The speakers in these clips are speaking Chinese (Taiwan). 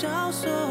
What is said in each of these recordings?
教授。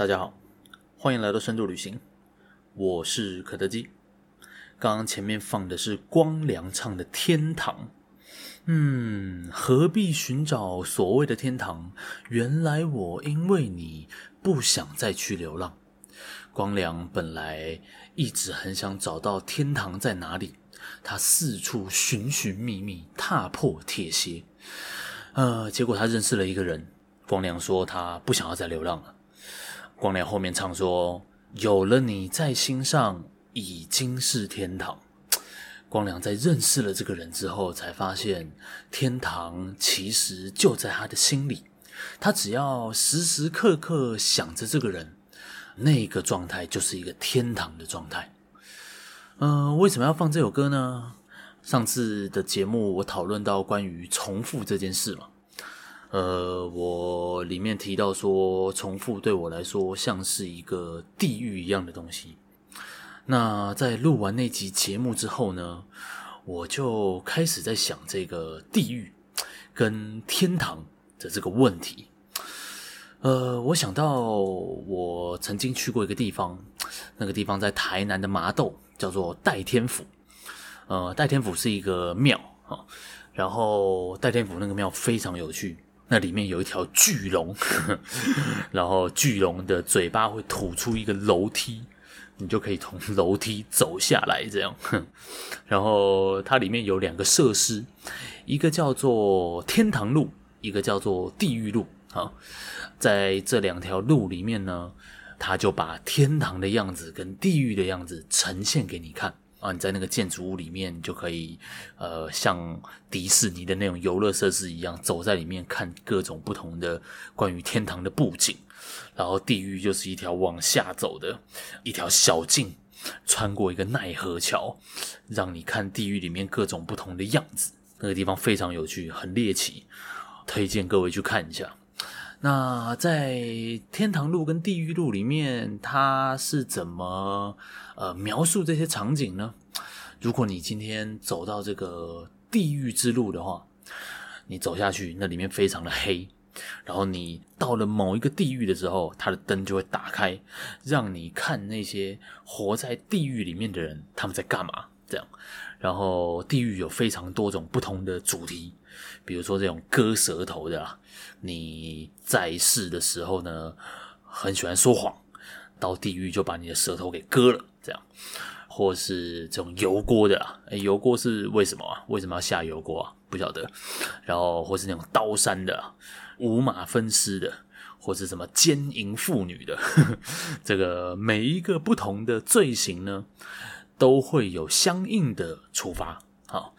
大家好，歡迎來到深度旅行，我是肯德基。剛剛前面放的是光良唱的《天堂》，嗯，何必尋找所謂的天堂？原來我因為你不想再去流浪。光良本來一直很想找到天堂在哪裡，他四處尋尋覓覓，踏破鐵鞋。呃，結果他認識了一個人，光良說他不想要再流浪了。光良後面唱說：“有了你在心上，已經是天堂。”光良在認識了這個人之後，才發現天堂其實就在他的心裡。他只要時時刻刻想着這個人，那個狀態就是一個天堂的狀態。嗯、呃，為什麼要放這首歌呢？上次的節目我討論到關於重複這件事嘛。呃，我裡面提到說，重複對我來說像是一個地獄一樣的東西。那在錄完那集節目之後呢，我就開始在想這個地獄跟天堂的這個問題。呃，我想到我曾經去過一個地方，那個地方在台南的麻豆，叫做代天府。呃，代天府是一個廟啊，然後代天府那個廟非常有趣。那裡面有一條巨龍， 然後巨龍的嘴巴會吐出一個樓梯，你就可以從樓梯走下來，這樣。然後它裡面有兩個設施，一個叫做天堂路，一個叫做地獄路。好，在這兩條路裡面呢，它就把天堂的樣子跟地獄的樣子呈現給你看。啊，你在那個建築物裡面就可以，呃，像迪士尼的那種遊樂設施一樣，走在裡面看各種不同的關於天堂的佈景，然後地獄就是一條往下走的一條小徑，穿過一個奈何橋，讓你看地獄裡面各種不同的樣子。那個地方非常有趣，很獵奇，推薦各位去看一下。那在天堂路跟地獄路裡面，它是怎麼呃描述這些場景呢？如果你今天走到這個地獄之路的話，你走下去，那裡面非常的黑。然後你到了某一個地獄的時候，它的燈就會打開，讓你看那些活在地獄裡面的人，他們在幹嘛。這樣，然後地獄有非常多種不同的主題，比如說這種割舌頭的啦。你在世的時候呢，很喜歡說謊，到地獄就把你的舌頭給割了，這樣；或是這種油鍋的、啊欸，油鍋是為什麼啊？為什麼要下油鍋啊？不曉得。然後或是那種刀山的、啊，五馬分屍的，或是什麼奸淫婦女的呵呵，這個每一個不同的罪行呢，都會有相應的處罰。好，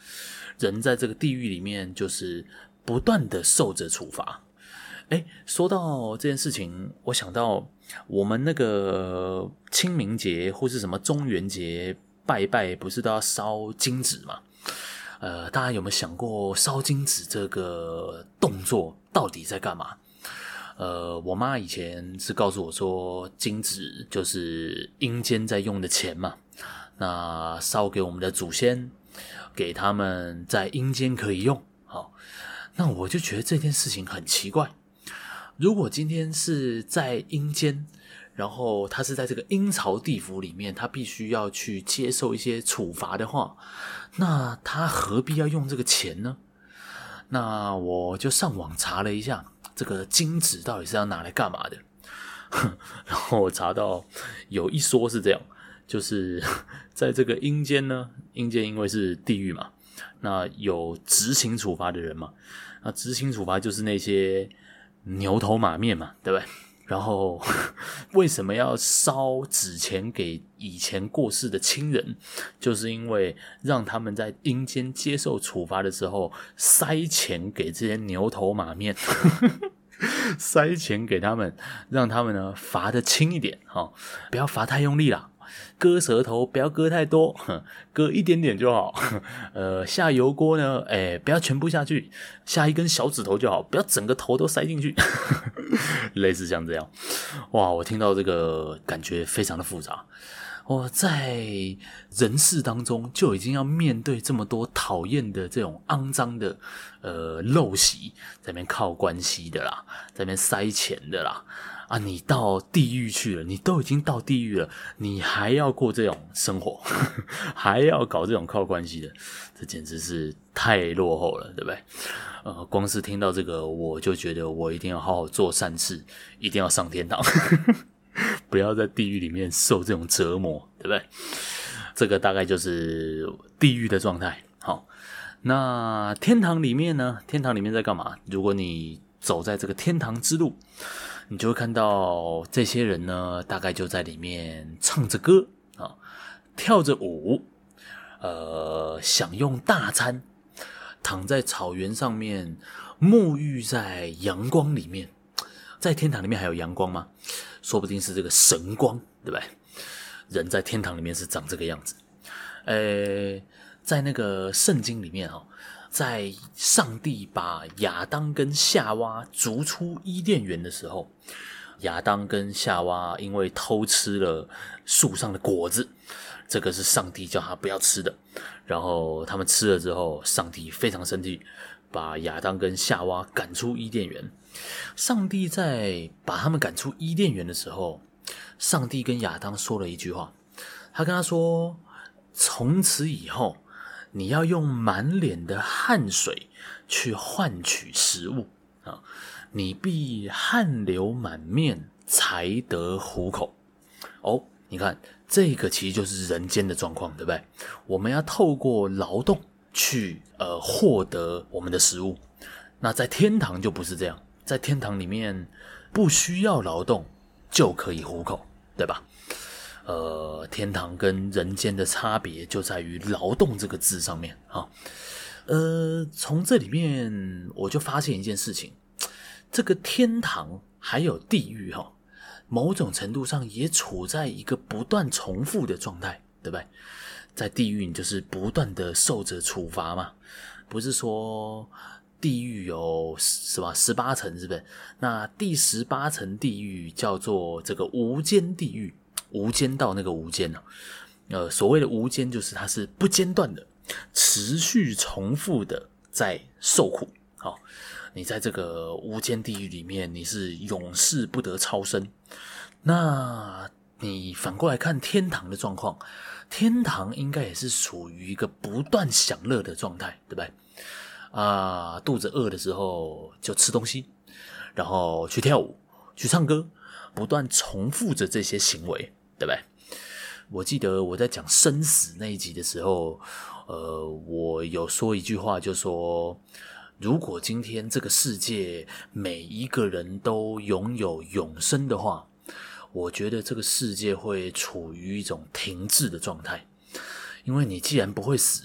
人在這個地獄裡面，就是不斷的受着處罰。哎，說到這件事情，我想到我們那個清明節或是什麼中元節拜拜，不是都要燒金紙嗎？呃，大家有沒有想過燒金紙這個動作到底在幹嘛？呃，我媽以前是告訴我說，金紙就是陰間在用的錢嘛，那燒給我們的祖先，給他們在陰間可以用。好、哦，那我就覺得這件事情很奇怪。如果今天是在陰間，然後他是在這個陰曹地府裡面，他必須要去接受一些處罰的話，那他何必要用這個錢呢？那我就上網查了一下，這個金紙到底是要拿來幹嘛的？哼，然後我查到有一說是這樣，就是在這個陰間呢，陰間因為是地獄嘛，那有執行處罰的人嘛，那執行處罰就是那些。牛頭馬面嘛，對不對？然後為什麼要燒紙錢給以前過世的親人？就是因為讓他們在陰間接受處罰的時候塞錢給這些牛頭馬面，呵呵呵，塞錢給他們，讓他們呢罰得輕一點，哈、哦，不要罰太用力了。割舌頭不要割太多，呵，割一點點就好。呵，呃，下油鍋呢，誒、欸，不要全部下去，下一根小指頭就好，不要整個頭都塞進去呵呵。類似像這樣，哇，我聽到這個感覺非常的複雜。我在人世當中就已經要面對這麼多討厭的這種骯髒的呃陋習，在那邊靠關係的啦，在那邊塞錢的啦。啊！你到地獄去了，你都已經到地獄了，你還要過這種生活，還要搞這種靠關係的，這簡直是太落後了，對不對？呃，光是聽到這個，我就覺得我一定要好好做善事，一定要上天堂，呵呵，不要在地獄裡面受這種折磨，對不對？這個大概就是地獄的狀態。好，那天堂裡面呢？天堂裡面在幹嘛？如果你走在這個天堂之路。你就會看到這些人呢，大概就在裡面唱着歌啊，跳着舞，呃，享用大餐，躺在草原上面，沐浴在陽光裡面。在天堂裡面還有陽光嗎？說不定是這個神光，對不對？人在天堂裡面是長這個樣子。誒、欸，在那個聖經裡面啊。在上帝把亞當跟夏娃逐出伊甸園的時候，亞當跟夏娃因為偷吃了樹上的果子，這個是上帝叫他不要吃的。然後他們吃了之後，上帝非常生氣，把亞當跟夏娃趕出伊甸園。上帝在把他們趕出伊甸園的時候，上帝跟亞當說了一句話，他跟他說：“從此以後。”你要用滿臉的汗水去換取食物啊！你必汗流滿面才得糊口哦！你看，這個其實就是人間的狀況，對不對？我們要透過勞動去呃獲得我們的食物。那在天堂就不是這樣，在天堂裡面不需要勞動就可以糊口，對吧？呃，天堂跟人間的差別就在於“勞動”這個字上面啊、哦。呃，從這裡面我就發現一件事情：這個天堂還有地獄哈、哦，某種程度上也處在一個不斷重複的狀態，對不對？在地獄，你就是不斷的受着處罰嘛。不是說地獄有十是吧十八層，是不是？那第十八層地獄叫做這個無間地獄。無間道那個無間呢、啊？呃，所謂的無間就是它是不間斷的、持續重複的在受苦。好、哦，你在這個無間地獄裡面，你是永世不得超生。那你反過來看天堂的狀況，天堂應該也是屬於一個不斷享樂的狀態，對不對？啊，肚子餓的時候就吃東西，然後去跳舞、去唱歌，不斷重複着這些行為。對不對？我記得我在講生死那一集的時候，呃，我有說一句話，就說如果今天這個世界每一個人都擁有永生的話，我覺得這個世界會處於一種停滯的狀態，因為你既然不會死，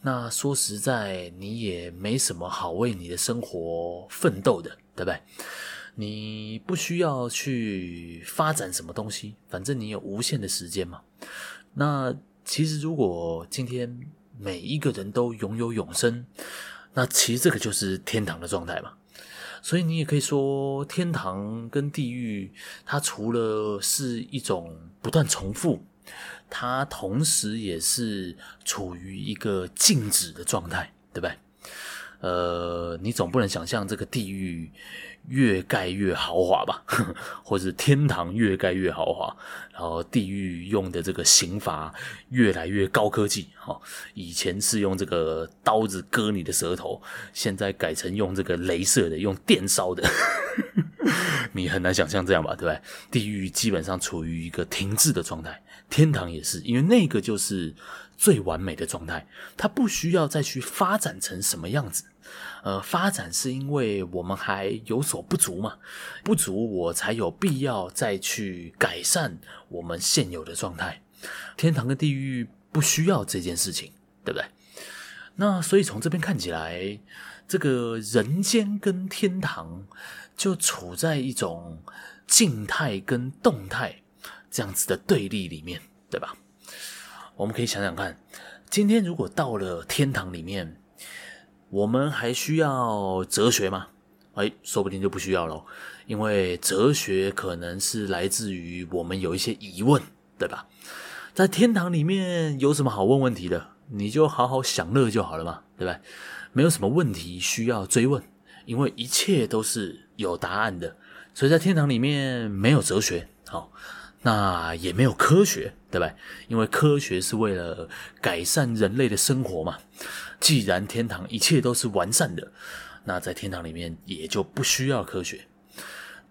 那說實在，你也沒什麼好為你的生活奮鬥的，對不對？你不需要去發展什麼東西，反正你有無限的時間嘛。那其實如果今天每一個人都擁有永生，那其實這個就是天堂的狀態嘛。所以你也可以說，天堂跟地獄，它除了是一種不斷重複，它同時也是處於一個靜止的狀態，對不對？呃，你總不能想象這個地獄越蓋越豪華吧， 或是天堂越蓋越豪華，然後地獄用的這個刑罰越來越高科技。以前是用這個刀子割你的舌頭，現在改成用這個鐳射的，用電燒的， 你很難想象這樣吧？對不對？地獄基本上處於一個停滯的狀態，天堂也是，因為那個就是最完美的狀態，它不需要再去發展成什麼樣子。呃，發展是因為我們還有所不足嘛。不足，我才有必要再去改善我們現有的狀態。天堂跟地獄不需要這件事情，對不對？那所以從這邊看起來，這個人間跟天堂就處在一種靜態跟動態這樣子的對立裡面，對吧？我們可以想想看，今天如果到了天堂裡面。我們還需要哲學嗎？哎，說不定就不需要了，因為哲學可能是來自於我們有一些疑問，對吧？在天堂裡面有什麼好問問題的？你就好好享樂就好了嘛，對吧？沒有什麼問題需要追問，因為一切都是有答案的，所以在天堂裡面沒有哲學，好、哦。那也沒有科學，對吧？因為科學是為了改善人類的生活嘛。既然天堂一切都是完善的，那在天堂裡面也就不需要科學。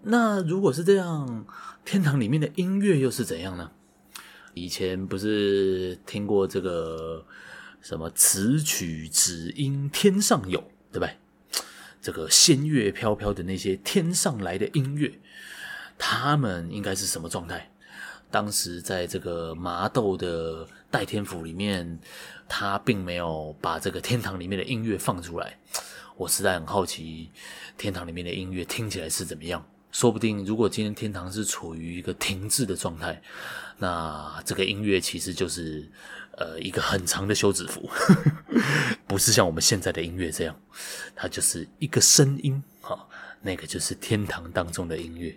那如果是這樣，天堂裡面的音樂又是怎樣呢？以前不是聽過這個什麼“此曲只應天上有”，對吧？這個仙樂飄飄的那些天上來的音樂，他們應該是什麼狀態？當時在這個麻豆的代天府裡面，他並沒有把這個天堂裡面的音樂放出來。我實在很好奇，天堂裡面的音樂聽起來是怎麼樣？說不定如果今天天堂是處於一個停滯的狀態，那這個音樂其實就是呃一個很長的休止符， 不是像我們現在的音樂這樣，它就是一個聲音啊，那個就是天堂當中的音樂，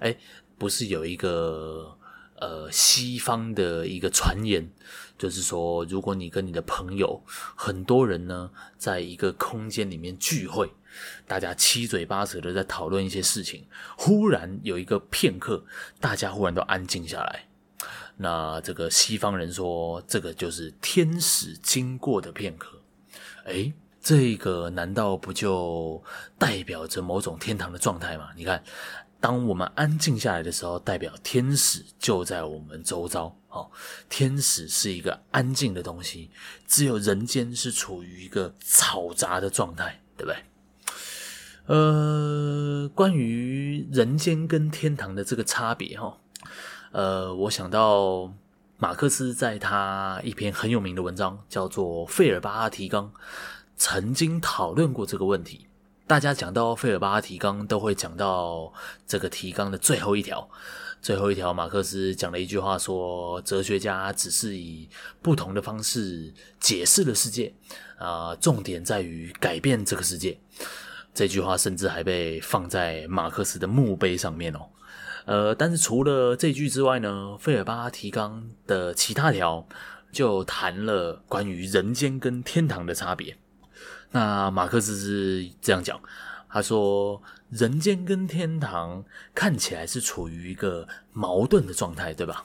哎、欸，不是有一個。呃，西方的一個傳言，就是說，如果你跟你的朋友，很多人呢，在一個空間裡面聚會，大家七嘴八舌的在討論一些事情，忽然有一個片刻，大家忽然都安靜下來。那這個西方人說，這個就是天使經過的片刻。誒，這個難道不就代表着某種天堂的狀態嗎？你看。當我們安靜下來的時候，代表天使就在我們周遭。哦，天使是一個安靜的東西，只有人間是處於一個嘈雜的狀態，對不對？呃，關於人間跟天堂的這個差別哈，呃，我想到馬克思在他一篇很有名的文章叫做《費爾巴哈提綱》，曾經討論過這個問題。大家講到《費爾巴哈提綱》，都會講到這個提綱的最後一條。最後一條，馬克思講了一句話，說：“哲學家只是以不同的方式解釋了世界，啊、呃，重點在於改變這個世界。”這句話甚至還被放在馬克思的墓碑上面哦。呃，但是除了這句之外呢，《費爾巴哈提綱》的其他條就談了關於人間跟天堂的差別。那馬克思是這樣講，他說：“人間跟天堂看起來是處於一個矛盾的狀態，對吧？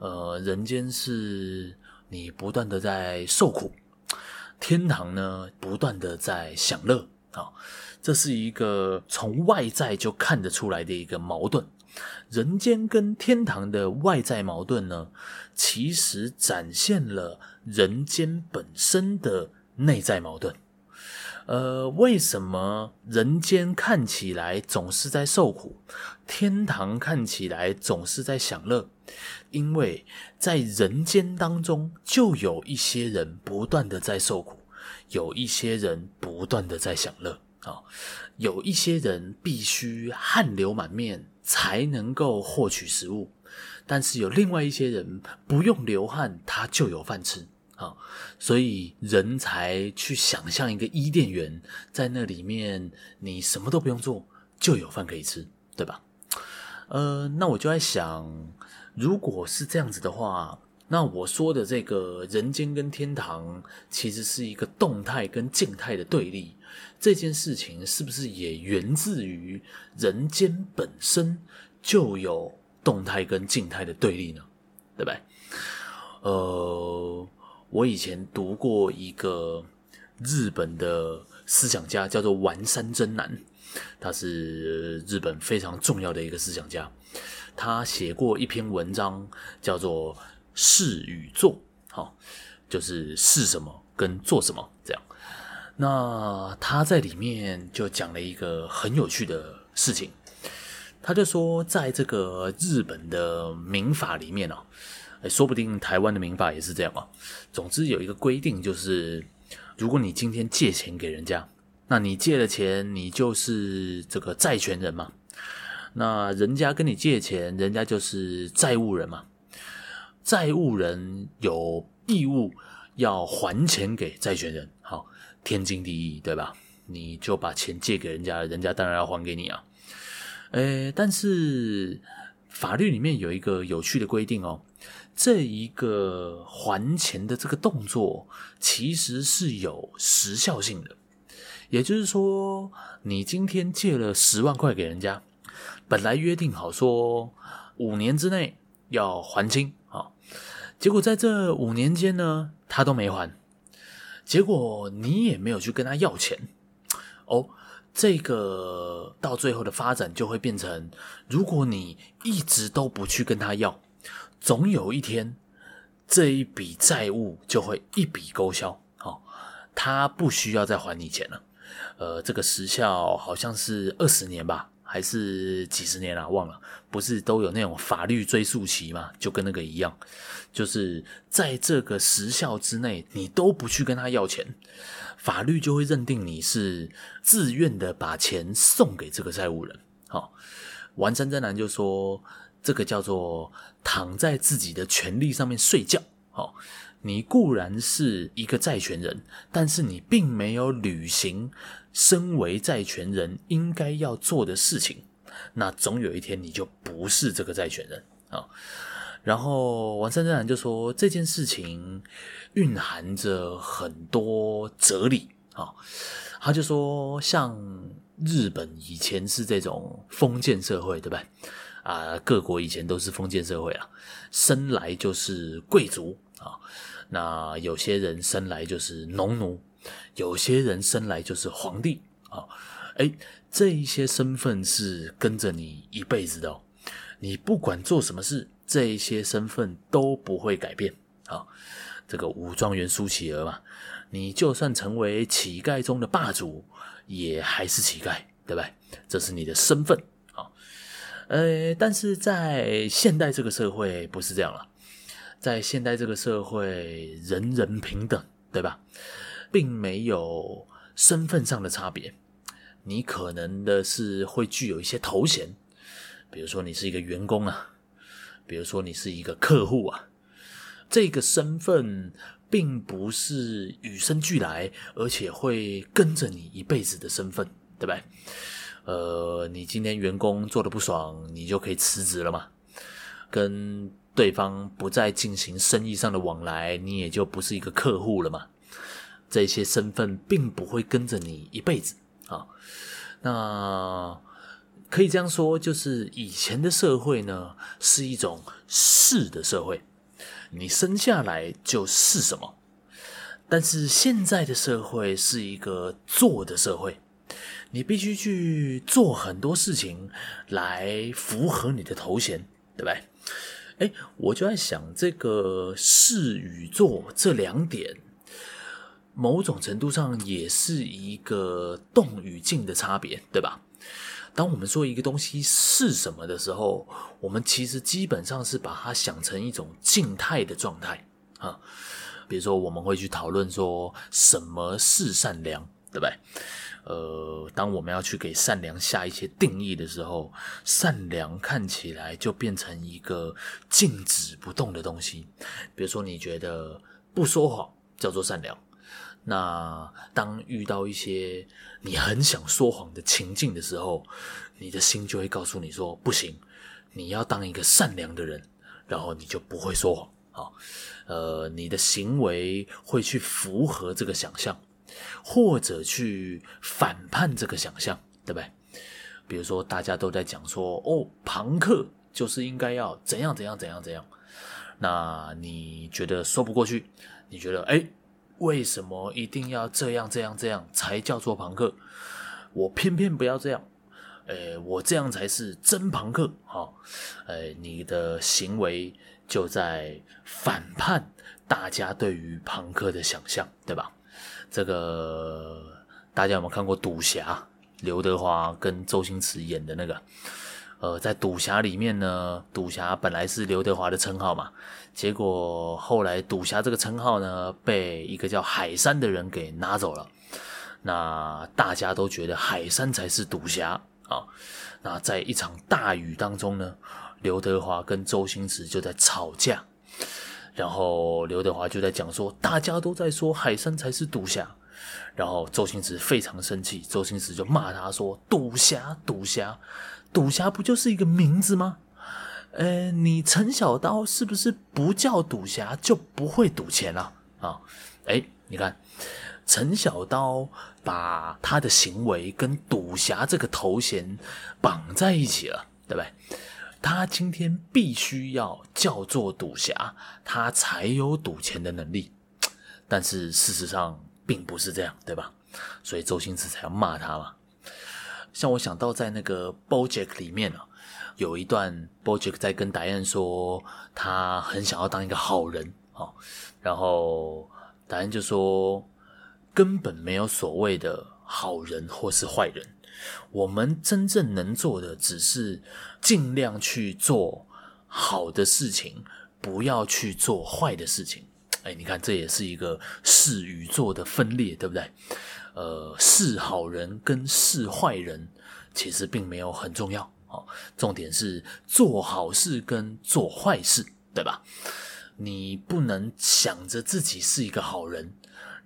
呃，人間是你不斷的在受苦，天堂呢，不斷的在享樂啊，哦，這是一個從外在就看得出來的一個矛盾。人間跟天堂的外在矛盾呢，其實展現了人間本身的內在矛盾。”呃，為什麼人間看起來總是在受苦，天堂看起來總是在享樂？因為在人間當中，就有一些人不斷的在受苦，有一些人不斷的在享樂啊、哦，有一些人必須汗流滿面才能夠獲取食物，但是有另外一些人不用流汗，他就有飯吃。好，所以人才去想象一個伊甸園，在那裡面你什麼都不用做就有飯可以吃，對吧？呃，那我就在想，如果是這樣子的話，那我說的這個人間跟天堂其實是一個動態跟靜態的對立，這件事情是不是也源自於人間本身就有動態跟靜態的對立呢？對吧？呃。我以前讀過一個日本的思想家，叫做丸山真男，他是日本非常重要的一個思想家。他寫過一篇文章，叫做“是與做”，就是是什麼跟做什麼這樣。那他在裡面就講了一個很有趣的事情，他就說，在這個日本的民法裡面，啊說不定台灣的民法也是這樣啊、哦。總之有一個規定，就是如果你今天借錢給人家，那你借了錢，你就是這個債權人嘛。那人家跟你借錢，人家就是債務人嘛。債務人有義務要還錢給債權人，好，天經地義，對吧？你就把錢借給人家，人家當然要還給你啊。誒，但是法律裡面有一個有趣的規定哦。這一個還錢的這個動作，其實是有時效性的。也就是說，你今天借了十萬塊給人家，本來約定好說五年之內要還清啊，結果在這五年間呢，他都沒還，結果你也沒有去跟他要錢哦。這個到最後的發展就會變成，如果你一直都不去跟他要。總有一天，這一筆債務就會一筆勾銷。好、哦，他不需要再還你錢了。呃，這個時效好像是二十年吧，還是幾十年啦，啊，忘了，不是都有那種法律追訴期嗎？就跟那個一樣，就是在這個時效之內，你都不去跟他要錢，法律就會認定你是自願地把錢送給這個債務人。好、哦，完真真男就說。這個叫做躺在自己的權利上面睡覺。你固然是一個債權人，但是你並沒有履行身為債權人應該要做的事情。那總有一天你就不是這個債權人啊。然後王善自然就說，這件事情蘊含着很多哲理啊。他就說，像日本以前是這種封建社會，對不啊，各國以前都是封建社會啊，生來就是貴族啊。那有些人生來就是農奴，有些人生來就是皇帝啊。哎，這一些身份是跟着你一輩子的哦，你不管做什麼事，這一些身份都不會改變啊。這個武狀元蘇乞兒嘛，你就算成為乞丐中的霸主，也還是乞丐，對吧？這是你的身份。呃、欸，但是在現代這個社會不是這樣了，在現代這個社會，人人平等，對吧？並沒有身份上的差別。你可能的是會具有一些頭銜，比如說你是一個員工啊，比如說你是一個客戶啊，這個身份並不是與生俱來，而且會跟着你一輩子的身份，對吧？呃，你今天員工做的不爽，你就可以辭職了嘛，跟對方不再進行生意上的往來，你也就不是一個客戶了嘛。這些身份並不會跟着你一輩子啊。那可以這樣說，就是以前的社會呢，是一種是的社會，你生下來就是什麼。但是現在的社會是一個做的社會。你必須去做很多事情來符合你的頭銜，對不對？哎、欸，我就在想，這個是與做這兩點，某種程度上也是一個動與靜的差別，對吧？當我們說一個東西是什麼的時候，我們其實基本上是把它想成一種靜態的狀態啊。比如說，我們會去討論說什麼是善良，對不對？呃，當我們要去給善良下一些定義的時候，善良看起來就變成一個靜止不動的東西。比如說，你覺得不說謊叫做善良，那當遇到一些你很想說謊的情境的時候，你的心就會告訴你說：“不行，你要當一個善良的人，然後你就不會說謊。”哦，啊，呃，你的行為會去符合這個想象。或者去反叛這個想象，對不對？比如說大家都在講說，哦，龐克就是應該要怎樣怎樣怎樣怎樣，那你覺得說不過去？你覺得，誒，為什麼一定要這樣這樣這樣才叫做龐克？我偏偏不要這樣，誒，我這樣才是真龐克，哈、哦，誒，你的行為就在反叛大家對於龐克的想象，對吧？這個大家有沒有看過《賭俠》？劉德華跟周星馳演的那個。呃，在《賭俠》裡面呢，賭俠本來是劉德華的稱號嘛，結果後來賭俠這個稱號呢被一個叫海山的人給拿走了。那大家都覺得海山才是賭俠啊。那在一場大雨當中呢，劉德華跟周星馳就在吵架。然後劉德華就在講說，大家都在說海山才是賭俠，然後周星馳非常生氣，周星馳就罵他說：“賭俠，賭俠，賭俠不就是一個名字嗎？呃、欸，你陳小刀是不是不叫賭俠就不會賭錢了啊？誒、啊欸，你看陳小刀把他的行為跟賭俠這個頭銜綁在一起了，對不對？”他今天必須要叫做賭俠，他才有賭錢的能力。但是事實上並不是這樣，對吧？所以周星馳才要罵他嘛。像我想到在那個《BoJack》裡面啊，有一段 BoJack 在跟 Diane 說，他很想要當一個好人啊。然後 Diane 就說，根本沒有所謂的好人或是壞人。我們真正能做的，只是盡量去做好的事情，不要去做壞的事情。誒，你看，這也是一個是與做的分裂，對不對？呃，是好人跟是壞人，其實並沒有很重要。哦，重點是做好事跟做壞事，對吧？你不能想着自己是一個好人。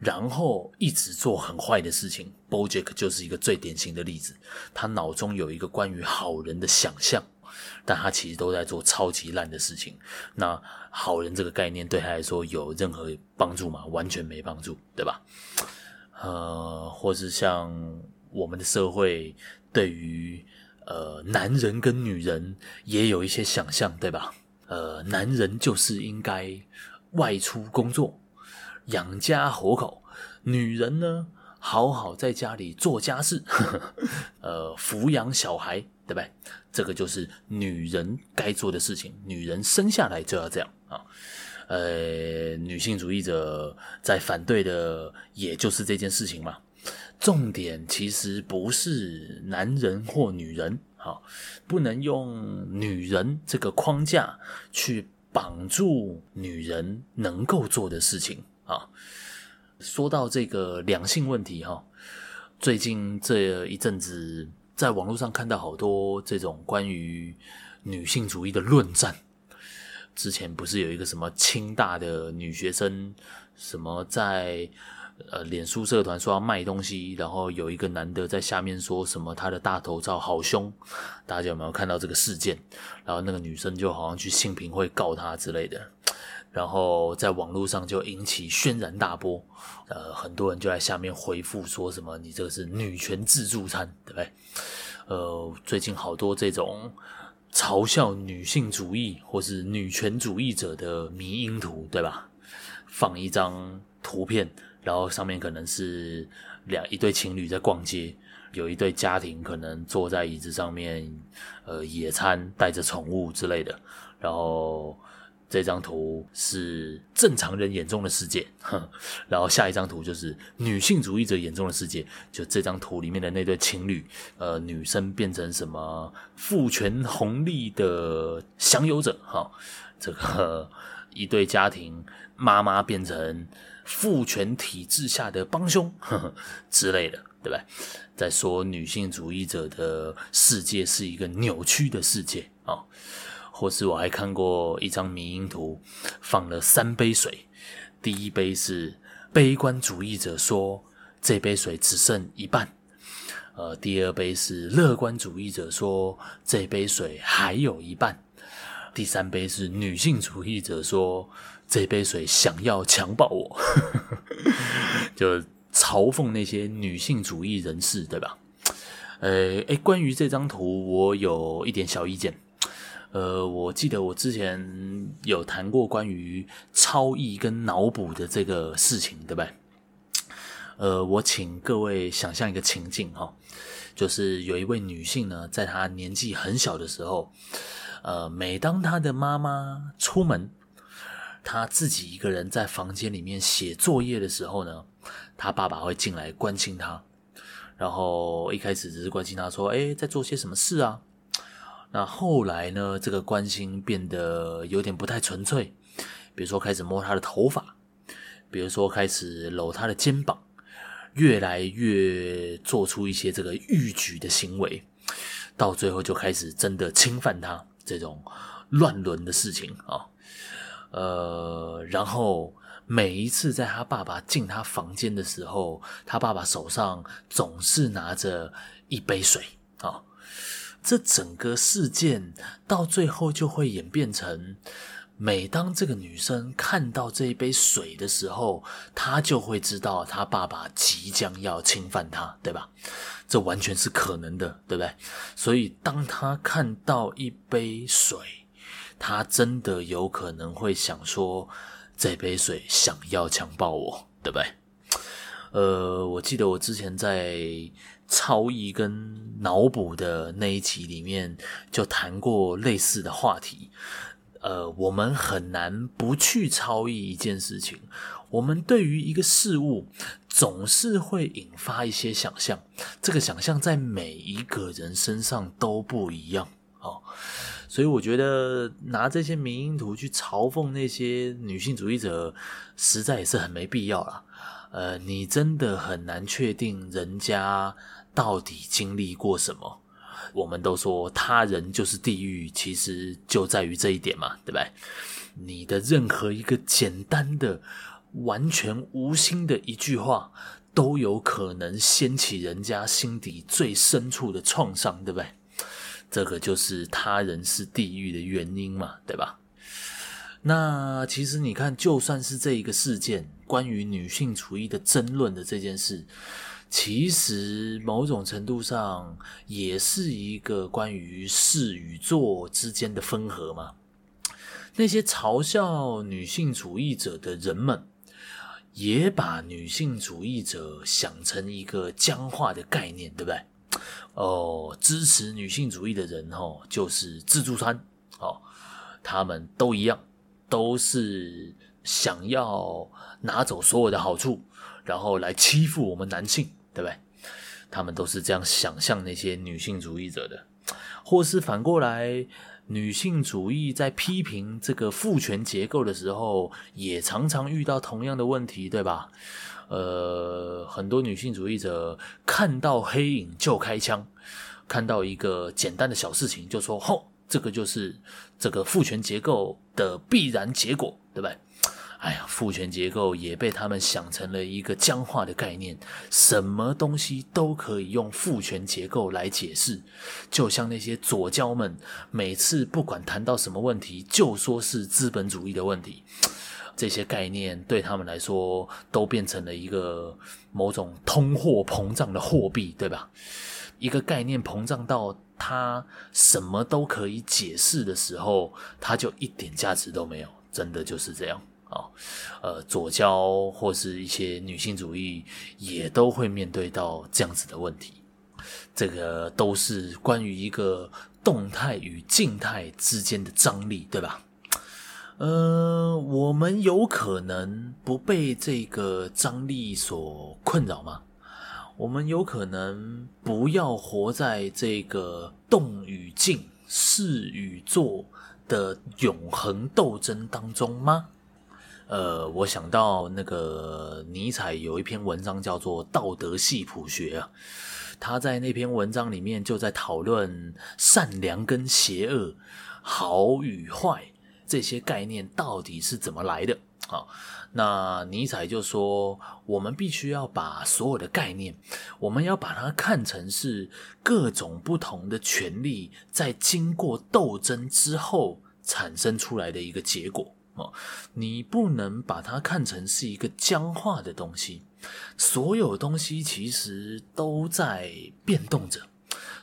然後一直做很壞的事情，BoJack 就是一個最典型的例子。他腦中有一個關於好人的想象，但他其實都在做超級爛的事情。那好人這個概念對他來說有任何幫助嗎？完全沒幫助，對吧？呃，或是像我們的社會對於呃男人跟女人也有一些想象，對吧？呃，男人就是應該外出工作。養家活口，女人呢，好好在家裡做家事， 呃，撫養小孩，對不對？這個就是女人該做的事情。女人生下來就要這樣啊、哦。呃，女性主義者在反對的也就是這件事情嘛。重點其實不是男人或女人，啊、哦，不能用女人這個框架去綁住女人能夠做的事情。啊，說到這個兩性問題哈，最近這一陣子，在網絡上看到好多這種關於女性主義的論戰。之前不是有一個什麼清大的女學生，什麼在呃，臉書社團說要賣東西，然後有一個男的在下面說什麼他的大頭照好兇，大家有沒有看到這個事件？然後那個女生就好像去性平會告他之類的。然後在網絡上就引起軒然大波，呃，很多人就在下面回復說什麼“你這個是女權自助餐”，對不對？呃，最近好多這種嘲笑女性主義或是女權主義者的迷因圖，對吧？放一張圖片，然後上面可能是兩一對情侶在逛街，有一對家庭可能坐在椅子上面，呃，野餐帶着寵物之類的，然後。這張圖是正常人眼中的世界，然後下一張圖就是女性主義者眼中的世界。就這張圖裡面的那對情侶，呃，女生變成什麼父權紅利的享有者，哈、哦，這個一對家庭媽媽變成父權體制下的幫兇之類的，對吧？再說女性主義者的世界是一個扭曲的世界，哦或是我還看過一張迷因圖，放了三杯水，第一杯是悲觀主義者說這杯水只剩一半，呃，第二杯是樂觀主義者說這杯水還有一半，第三杯是女性主義者說這杯水想要強暴我， 就嘲諷那些女性主義人士，對吧？呃，誒，關於這張圖，我有一點小意見。呃，我記得我之前有談過關於超憶跟腦補的這個事情，對吧？呃，我請各位想象一個情境哈、哦，就是有一位女性呢，在她年紀很小的時候，呃，每當她的媽媽出門，她自己一個人在房間裡面寫作業的時候呢，她爸爸會進來關心她，然後一開始只是關心她說：“哎，在做些什麼事啊？”那後來呢？這個關心變得有點不太純粹，比如說開始摸他的頭髮，比如說開始摟他的肩膀，越來越做出一些這個逾矩的行為，到最後就開始真的侵犯他這種亂倫的事情啊。呃，然後每一次在他爸爸進他房間的時候，他爸爸手上總是拿着一杯水啊。這整個事件到最後就會演變成，每當這個女生看到這一杯水的時候，她就會知道她爸爸即將要侵犯她，對吧？這完全是可能的，對不對？所以，當她看到一杯水，她真的有可能會想說：“這杯水想要強暴我，對不對？”呃，我記得我之前在……超譯跟腦補的那一集裡面就談過類似的話題，呃，我們很難不去超譯一件事情。我們對於一個事物總是會引發一些想象，這個想象在每一個人身上都不一樣哦。所以我覺得拿這些迷因圖去嘲諷那些女性主義者，實在也是很沒必要了。呃，你真的很難確定人家到底經歷過什麼？我們都說他人就是地獄，其實就在於這一點嘛，對不對？你的任何一個簡單的、完全無心的一句話，都有可能掀起人家心底最深處的創傷，對不對？這個就是他人是地獄的原因嘛，對吧？那其實你看，就算是這一個事件，關於女性主義的爭論的這件事。其實某種程度上也是一個關於“是”與“做”之間的分合嘛。那些嘲笑女性主義者的人們，也把女性主義者想成一個僵化的概念，對不對？哦，支持女性主義的人吼、哦，就是自助餐哦，他們都一樣，都是想要拿走所有的好處，然後來欺負我們男性。對吧？他們都是這樣想象那些女性主義者的，或是反過來，女性主義在批評這個父權結構的時候，也常常遇到同樣的問題，對吧？呃，很多女性主義者看到黑影就開槍，看到一個簡單的小事情就說哦，這個就是這個父權結構的必然結果，對吧？哎呀，父權結構也被他們想成了一個僵化的概念，什麼東西都可以用父權結構來解釋。就像那些左膠們，每次不管談到什麼問題，就說是資本主義的問題。這些概念對他們來說，都變成了一個某種通貨膨脹的貨幣，對吧？一個概念膨脹到它什麼都可以解釋的時候，它就一點價值都沒有，真的就是這樣。啊、哦，呃，左膠或是一些女性主義，也都會面對到這樣子的問題。這個都是關於一個動態與靜態之間的張力，對吧？呃，我們有可能不被這個張力所困擾嗎？我們有可能不要活在這個動與靜、是與做的永恆鬥爭當中嗎？呃，我想到那個尼采有一篇文章叫做《道德系譜學》啊，他在那篇文章裡面就在討論善良跟邪惡、好與壞這些概念到底是怎麼來的啊。那尼采就說，我們必須要把所有的概念，我們要把它看成是各種不同的權力，在經過鬥爭之後產生出來的一個結果。哦，你不能把它看成是一個僵化的東西。所有東西其實都在變動着。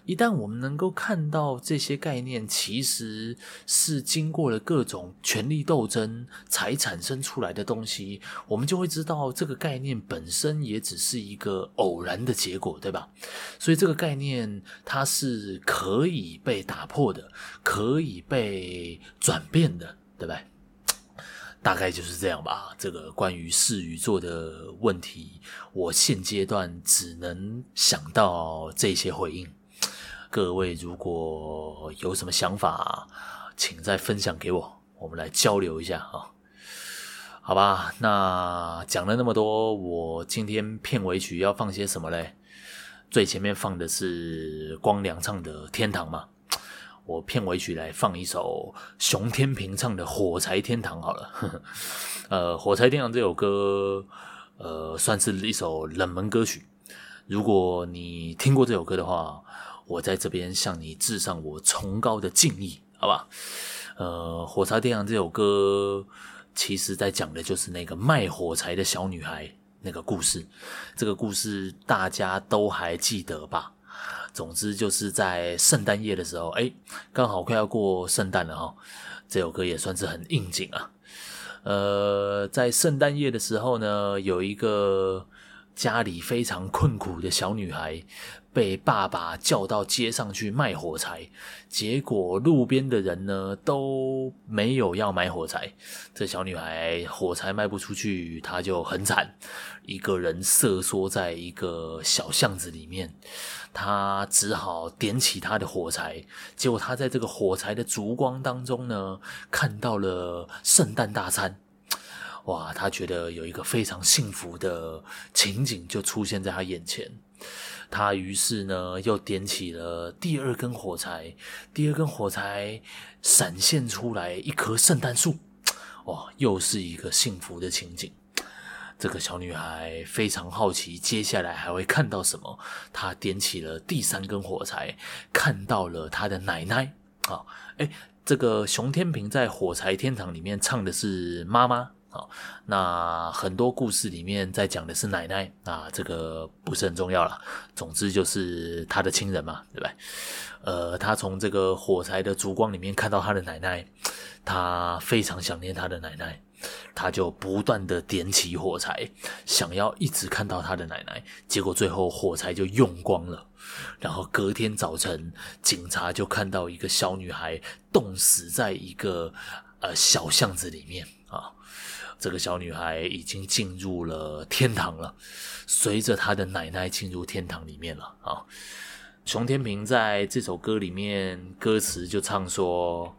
一旦我們能夠看到這些概念其實是經過了各種權力鬥爭才產生出來的東西，我們就會知道這個概念本身也只是一個偶然的結果，對吧？所以這個概念它是可以被打破的，可以被轉變的，對吧？大概就是這樣吧。這個關於室女座的問題，我現階段只能想到這些回應。各位如果有什麼想法，請再分享給我，我們來交流一下啊。好吧，那講了那麼多，我今天片尾曲要放些什麼嘞？最前面放的是光良唱的《天堂》嘛。我片尾曲來放一首熊天平唱的《火柴天堂》好了呵呵。呃，《火柴天堂》這首歌，呃，算是一首冷門歌曲。如果你聽過這首歌的話，我在這邊向你致上我崇高的敬意，好吧？呃，《火柴天堂》這首歌，其實在講的就是那個賣火柴的小女孩那個故事。這個故事大家都還記得吧？總之就是在聖誕夜的時候，哎，剛好快要過聖誕了哈，這首歌也算是很應景啊。呃，在聖誕夜的時候呢，有一個。家裡非常困苦的小女孩，被爸爸叫到街上去賣火柴。結果路邊的人呢，都沒有要買火柴。這小女孩火柴賣不出去，她就很慘，一個人瑟縮在一個小巷子裡面，她只好點起她的火柴。結果她在這個火柴的燭光當中呢，看到了聖誕大餐。哇，他覺得有一個非常幸福的情景就出現在他眼前，他於是呢又點起了第二根火柴，第二根火柴閃現出來一棵聖誕樹，哇，又是一個幸福的情景。這個小女孩非常好奇，接下來還會看到什麼？她點起了第三根火柴，看到了她的奶奶。啊、哦，哎，這個熊天平在《火柴天堂》裡面唱的是媽媽。好，那很多故事裡面在講的是奶奶，那這個不是很重要了。總之就是他的親人嘛，對吧？呃，他從這個火柴的燭光裡面看到他的奶奶，他非常想念他的奶奶，他就不斷的點起火柴，想要一直看到他的奶奶。結果最後火柴就用光了，然後隔天早晨，警察就看到一個小女孩凍死在一個呃小巷子裡面。這個小女孩已經進入了天堂了，隨着她的奶奶進入天堂裡面了啊！熊天平在這首歌裡面歌詞就唱說：“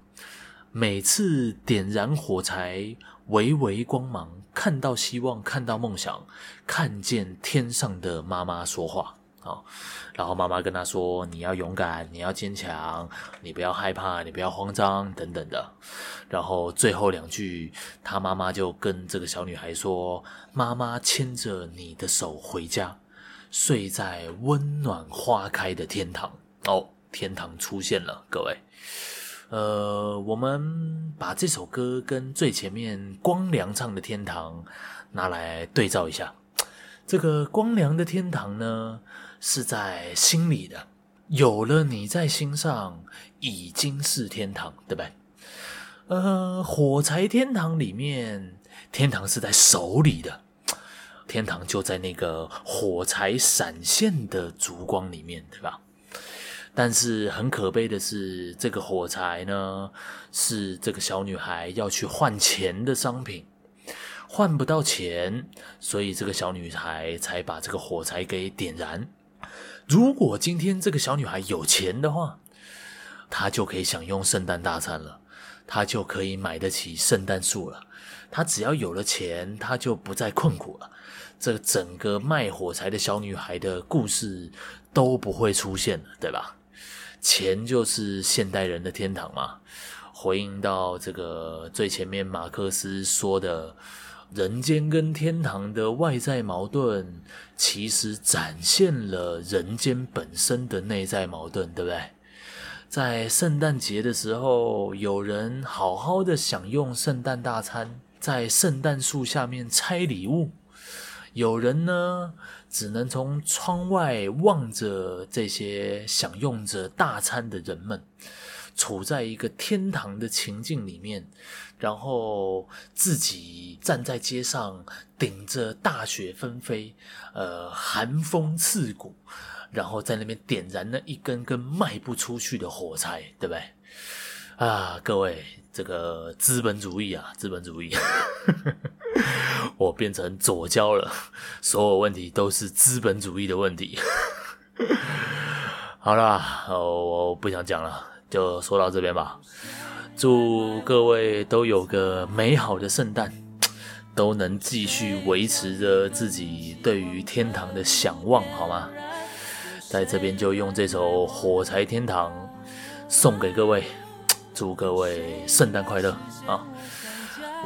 每次點燃火柴，微微光芒，看到希望，看到夢想，看見天上的媽媽說話啊。哦”然後媽媽跟她說：“你要勇敢，你要堅強，你不要害怕，你不要慌張，等等的。”然後最後兩句，她媽媽就跟這個小女孩說：“媽媽牽着你的手回家，睡在溫暖花開的天堂。”哦，天堂出現了，各位。呃，我們把這首歌跟最前面光良唱的《天堂》拿來對照一下。這個光良的《天堂》呢？是在心裡的，有了你在心上已經是天堂，對不對？呃，火柴天堂裡面，天堂是在手裡的，天堂就在那個火柴閃現的燭光裡面，對吧？但是很可悲的是，這個火柴呢，是這個小女孩要去換錢的商品，換不到錢，所以這個小女孩才把這個火柴給點燃。如果今天這個小女孩有錢的話，她就可以享用聖誕大餐了，她就可以買得起聖誕樹了，她只要有了錢，她就不再困苦了。這整個賣火柴的小女孩的故事都不會出現了，對吧？錢就是現代人的天堂嘛。回應到這個最前面，馬克思說的。人間跟天堂的外在矛盾，其實展現了人間本身的內在矛盾，對不對？在聖誕節的時候，有人好好的享用聖誕大餐，在聖誕樹下面拆禮物，有人呢，只能從窗外望着這些享用着大餐的人們。處在一個天堂的情境裡面，然後自己站在街上，頂着大雪紛飛，呃，寒風刺骨，然後在那邊點燃了一根根賣不出去的火柴，對不對？啊，各位，這個資本主義啊，資本主義， 我變成左膠了，所有問題都是資本主義的問題。 好啦、呃，我不想講了。就說到這邊吧，祝各位都有個美好的聖誕，都能繼續維持着自己對於天堂的嚮往，好嗎？在這邊就用這首《火柴天堂》送給各位，祝各位聖誕快樂啊！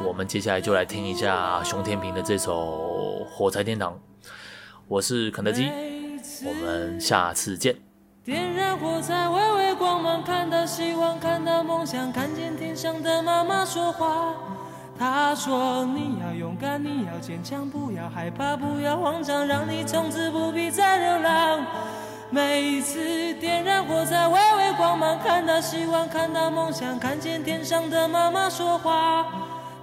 我們接下來就來聽一下熊天平的這首《火柴天堂》，我是肯德基，我們下次見。點燃火柴，微微光芒，看到希望，看到夢想，看見天上的媽媽說話。她說：你要勇敢，你要堅強，不要害怕，不要慌張，讓你從此不必再流浪。每一次點燃火柴，微微光芒，看到希望，看到夢想，看見天上的媽媽說話。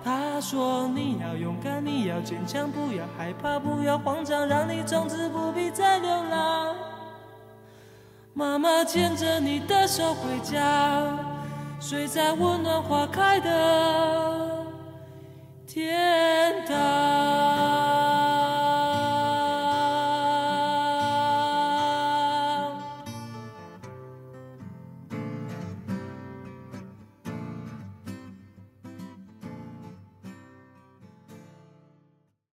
她說：你要勇敢，你要堅強，不要害怕，不要慌張，讓你從此不必再流浪。媽媽牽着你的手回家，睡在溫暖花開的天堂。